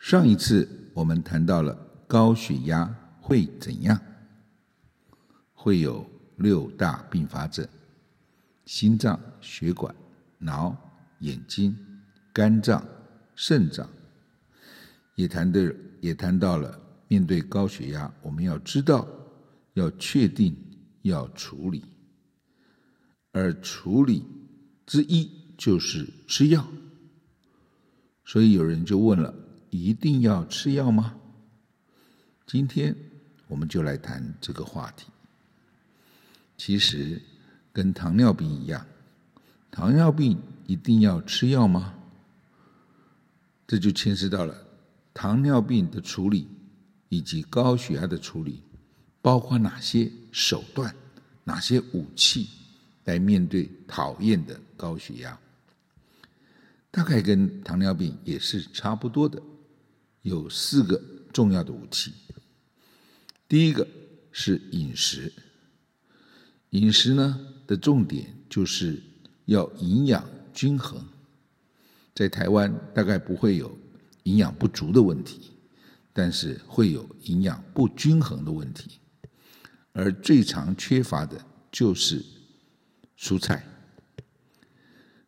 上一次我們談到了高血壓會怎樣？會有六大併發症：心臟、血管、腦、眼睛、肝臟、腎臟。也談的，也談到了，面對高血壓，我們要知道、要確定、要處理。而處理之一就是吃藥。所以有人就問了。一定要吃藥嗎？今天我們就來談這個話題。其實，跟糖尿病一樣，糖尿病一定要吃藥嗎？這就牽涉到了糖尿病的處理以及高血壓的處理，包括哪些手段、哪些武器來面對討厭的高血壓，大概跟糖尿病也是差不多的。有四個重要的武器。第一個是飲食，飲食呢的重點就是要營養均衡。在台灣大概不會有營養不足的問題，但是會有營養不均衡的問題，而最常缺乏的就是蔬菜，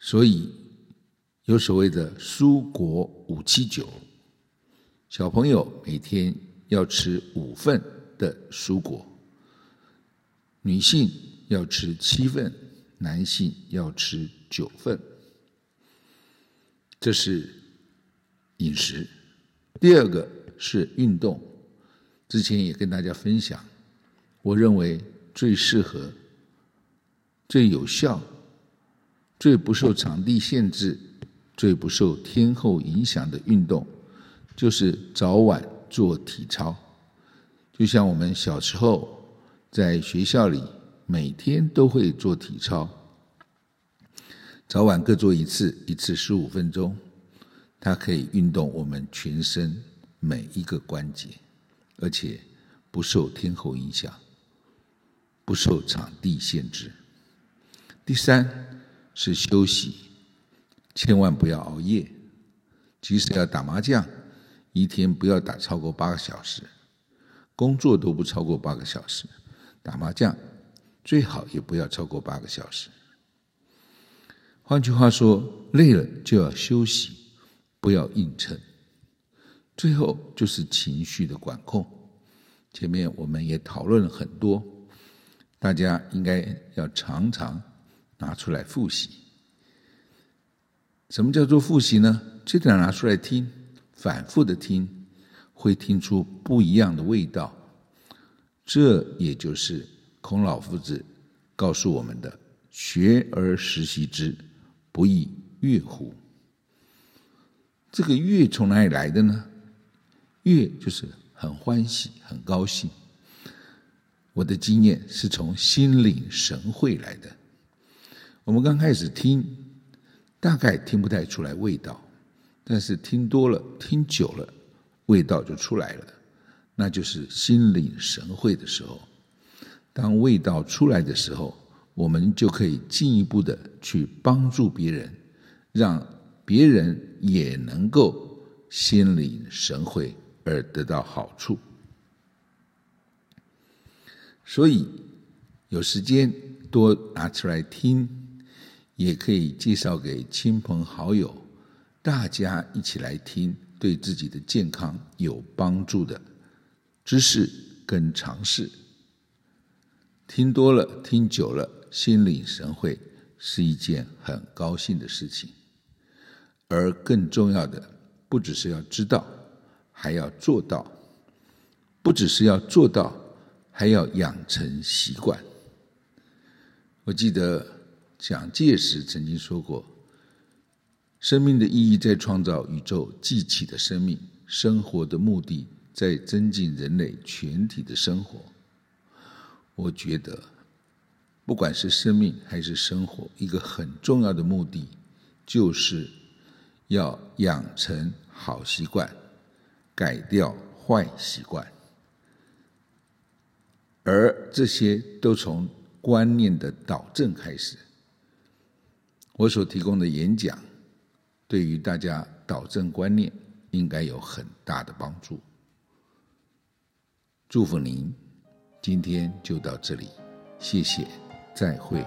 所以有所謂的“蔬果五七九”。小朋友每天要吃五份的蔬果，女性要吃七份，男性要吃九份。這是飲食。第二個是運動，之前也跟大家分享，我認為最適合、最有效、最不受場地限制、最不受天候影響的運動。就是早晚做體操，就像我們小時候在學校裡，每天都會做體操，早晚各做一次，一次十五分鐘，它可以運動我們全身每一個關節，而且不受天候影響，不受場地限制。第三是休息，千萬不要熬夜，即使要打麻將。一天不要打超過八個小時，工作都不超過八個小時，打麻將最好也不要超過八個小時。換句話說，累了就要休息，不要硬撐。最後就是情緒的管控，前面我們也討論了很多，大家應該要常常拿出來複習。什麼叫做複習呢？這點拿出來聽。反覆的聽，會聽出不一樣的味道。這也就是孔老夫子告訴我們的“學而時習之，不亦說乎”。這個“悅”從哪裡來的呢？“悅”就是很歡喜、很高興。我的經驗是從心領神會來的。我們剛開始聽，大概聽不太出來味道。但是聽多了、聽久了，味道就出來了，那就是心領神會的時候。當味道出來的時候，我們就可以進一步的去幫助別人，讓別人也能夠心領神會而得到好處。所以有時間多拿出來聽，也可以介紹給親朋好友。大家一起來聽，對自己的健康有幫助的知識跟常識。聽多了，聽久了，心領神會是一件很高興的事情。而更重要的，不只是要知道，還要做到；不只是要做到，還要養成習慣。我記得蔣介石曾經說過，生命的意義在創造宇宙繼起的生命，生活的目的在增進人類全體的生活。我覺得，不管是生命還是生活，一個很重要的目的，就是要養成好習慣，改掉壞習慣。而這些都從觀念的導正開始。我所提供的演講。對於大家導正觀念，應該有很大的幫助。祝福您，今天就到這裡，謝謝，再會。